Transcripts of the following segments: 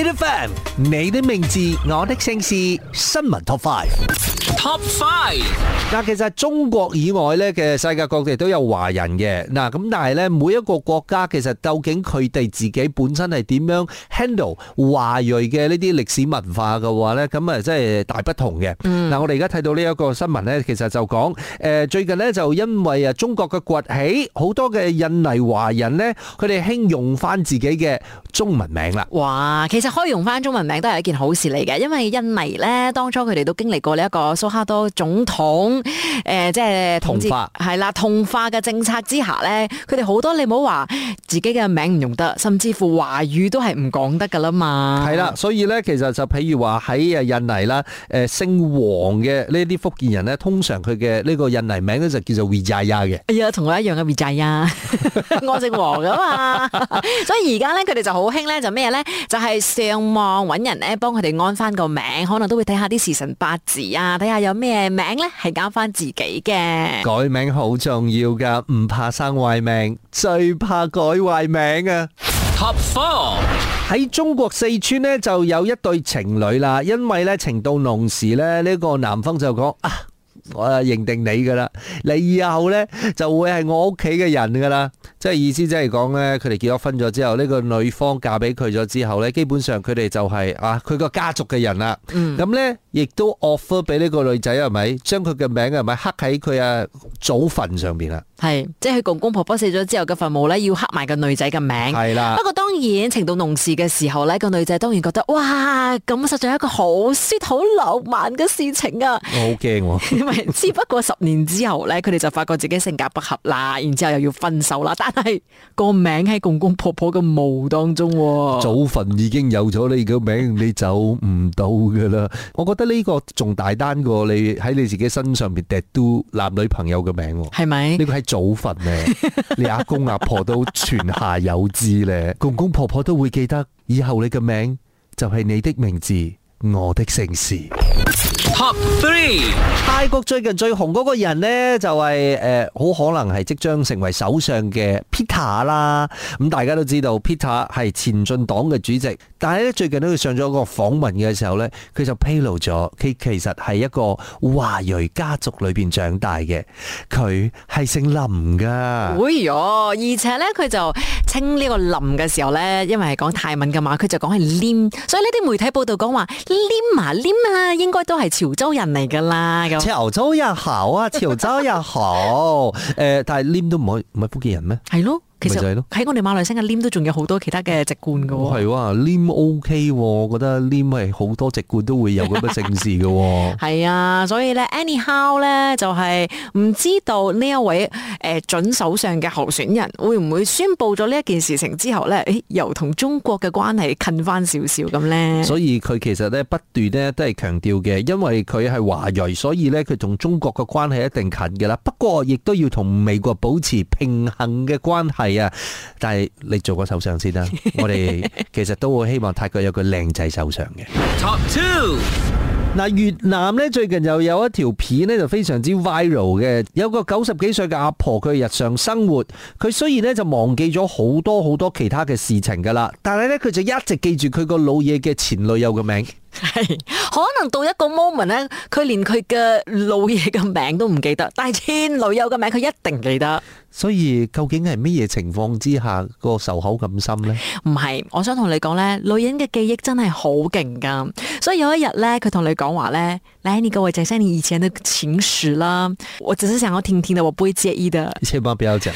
你的名，你的名字，我的姓氏，新聞 Top Five。Top five，嗱，其實中國以外咧嘅世界各地都有華人嘅，嗱咁，但係咧每一個國家其實究竟，佢哋自己本身係點樣 handle 華裔嘅呢啲歷史文化嘅話咧，咁啊真係大不同嘅。嗯，嗱，我哋而家睇到呢一個新聞咧，其實就講誒，最近咧就因為啊中國嘅崛起，好多嘅印尼華人咧，佢哋興用翻自己嘅中文名啦。哇，其實可以用翻中文名都係一件好事嚟嘅，因為印尼咧當初佢哋都經歷過呢一個。好多總統誒、呃，即係同化係啦，同化嘅政策之下咧，佢哋好多你唔好話自己嘅名唔用得，甚至乎華語都係唔講得噶啦嘛。係啦，所以咧其實就譬如話喺誒印尼啦，誒、呃、姓王嘅呢啲福建人咧，通常佢嘅呢個印尼名咧就叫做 Wijaya 嘅。哎呀，同我一樣嘅 Wijaya， 我姓王噶嘛。 所以而家咧佢哋就好興咧，就咩咧？就係上網揾人咧幫佢哋安翻個名，可能都會睇下啲時辰八字啊，睇下。有咩名呢？係啱翻自己嘅？改名好重要噶，唔怕生壞命，最怕改壞名啊！Top four 喺中國四川呢，就有一對情侶啦，因為呢情到濃時呢，呢、呢個男方就講啊。我啊認定你噶啦，你以後咧就會係我屋企嘅人噶啦，即係意思即係講咧，佢哋結咗婚咗之後，呢個女方嫁俾佢咗之後咧，基本上佢哋就係啊佢個家族嘅人啦。咁咧、mm. 亦都 offer 俾呢個女仔係咪，將佢嘅名係咪刻喺佢啊祖墳上邊啦？係，即係佢公公婆婆死咗之後嘅墳墓咧，要刻埋個女仔嘅名。係啦，不過當然情到濃時嘅時候咧，個女仔當然覺得哇，咁實在係一個好 sweet 好浪漫嘅事情啊！好驚喎，因為只不過十年之後咧，佢哋就發覺自己性格不合啦，然之後又要分手啦。但係個名喺公公婆婆嘅墓當中，祖墳已經有咗你嘅名，你走唔到噶啦。我覺得呢個仲大單過你喺你自己身上面趯都男女朋友嘅名，係咪？呢個係。祖墳咧，你阿公阿婆都泉下有知咧，公公婆婆都會記得，以後你嘅名就係你的名字，我的姓氏。Top three，泰國最近最紅個人呢就係誒，好可能係即將成為首相嘅 Pita 啦。咁大家都知道 Pita 係前進黨嘅主席，但係咧最近咧佢上咗個訪問嘅時候咧，佢就披露咗佢其實係一個華裔家族裏邊長大嘅，佢係姓林噶。哎呀，而且咧佢就稱呢個林嘅時候咧，因為係講泰文噶嘛，佢就講係 Lim，所以呢啲媒體報道講話 Lim 啊 Lim 啊，應該都係。潮州人嚟噶啦，潮州也好啊，潮州也好，誒、 呃，但係黏都唔可以，唔係福建人咩？係咯。其實係咯，喺我哋馬來西亞，Lim 都仲有好多其他嘅籍貫噶。係哇，Lim OK，我覺得 Lim 係好多籍貫都會有咁嘅姓氏噶。係啊，所以咧，anyhow 咧，就係唔知道呢一位誒準首相嘅候選人會唔會宣布咗呢一件事情之後咧，誒，又同中國嘅關係近翻少少咁咧？所以佢其實咧不斷咧都係強調嘅，因爲佢係華裔，所以咧佢同中國嘅關係一定近噶啦。不過亦都要同美國保持平衡嘅關係。但係你做個首相先啦。 我哋其實都會希望泰國有個靚仔首相嘅。嗱 越南咧最近又有一條片呢，就非常之 viral 嘅，有個九十幾歲嘅阿婆，佢日常生活，佢雖然呢就忘記咗好多好多其他嘅事情噶啦，但係呢，佢就一直記住佢個老嘢嘅前女友嘅名。係可能到一個 moment 咧，佢連佢嘅老爺嘅名都唔記得，但係前女友嘅名佢一定記得。所以究竟係乜嘢情況之下個仇口咁深咧？唔係，我想同你講咧，女人嘅記憶真係好勁噶。所以有一日咧，佢同你講話咧，嚟，你跟我講下你以前的情史啦。我只是想要聽聽的，我不會介意的。千萬不要講，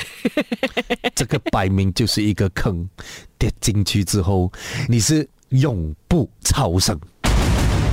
這個擺明就是一個坑，跌進去之後你是永不超生。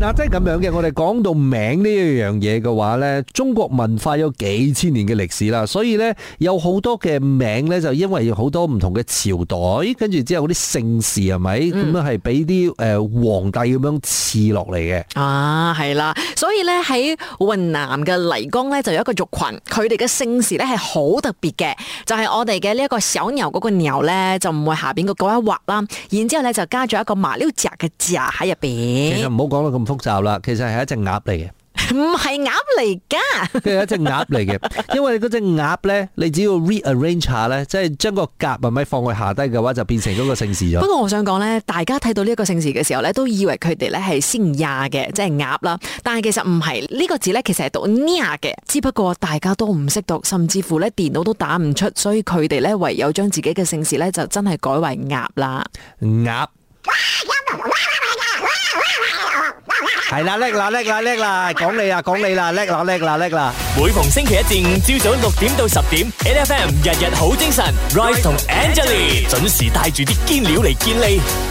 嗱，即係咁樣嘅，我哋講到名呢一樣嘢嘅話咧，中國文化有幾千年嘅歷史啦，所以咧有好多嘅名咧就因為有好多唔同嘅朝代，跟住之後啲姓氏係咪咁樣係俾啲誒皇帝咁樣賜落嚟嘅？啊，係啦，所以咧喺雲南嘅麗江咧就有一個族群，佢哋嘅姓氏咧係好特別嘅，就係、是、我哋嘅呢一個小牛嗰個牛咧就唔會下邊嗰嗰一畫啦，然之後咧就加咗一個麻溜甲嘅甲喺入邊。其實唔好講得咁。複雜啦，其實係一隻鴨嚟嘅，唔係鴨嚟噶，係一隻鴨嚟嘅。因為嗰隻鴨咧，你只要 rearrange 下咧，即係將個甲慢咪放去下低嘅話，就變成嗰個姓氏咗。不過我想講咧，大家睇到呢一個姓氏嘅時候咧，都以為佢哋咧係先亞嘅，即係鴨啦。但係其實唔係，呢個字咧，其實係讀 nia 嘅，只不過大家都唔識讀，甚至乎咧電腦都打唔出，所以佢哋咧唯有將自己嘅姓氏咧就真係改為鴨啦，鴨。係啦叻啦叻啦叻啦，講你啦講你啦叻啦叻啦叻啦！每逢星期一至五朝早六點到十點，NFM 日日好精神，Rise 同 Angelina 準時帶住啲堅料嚟見你。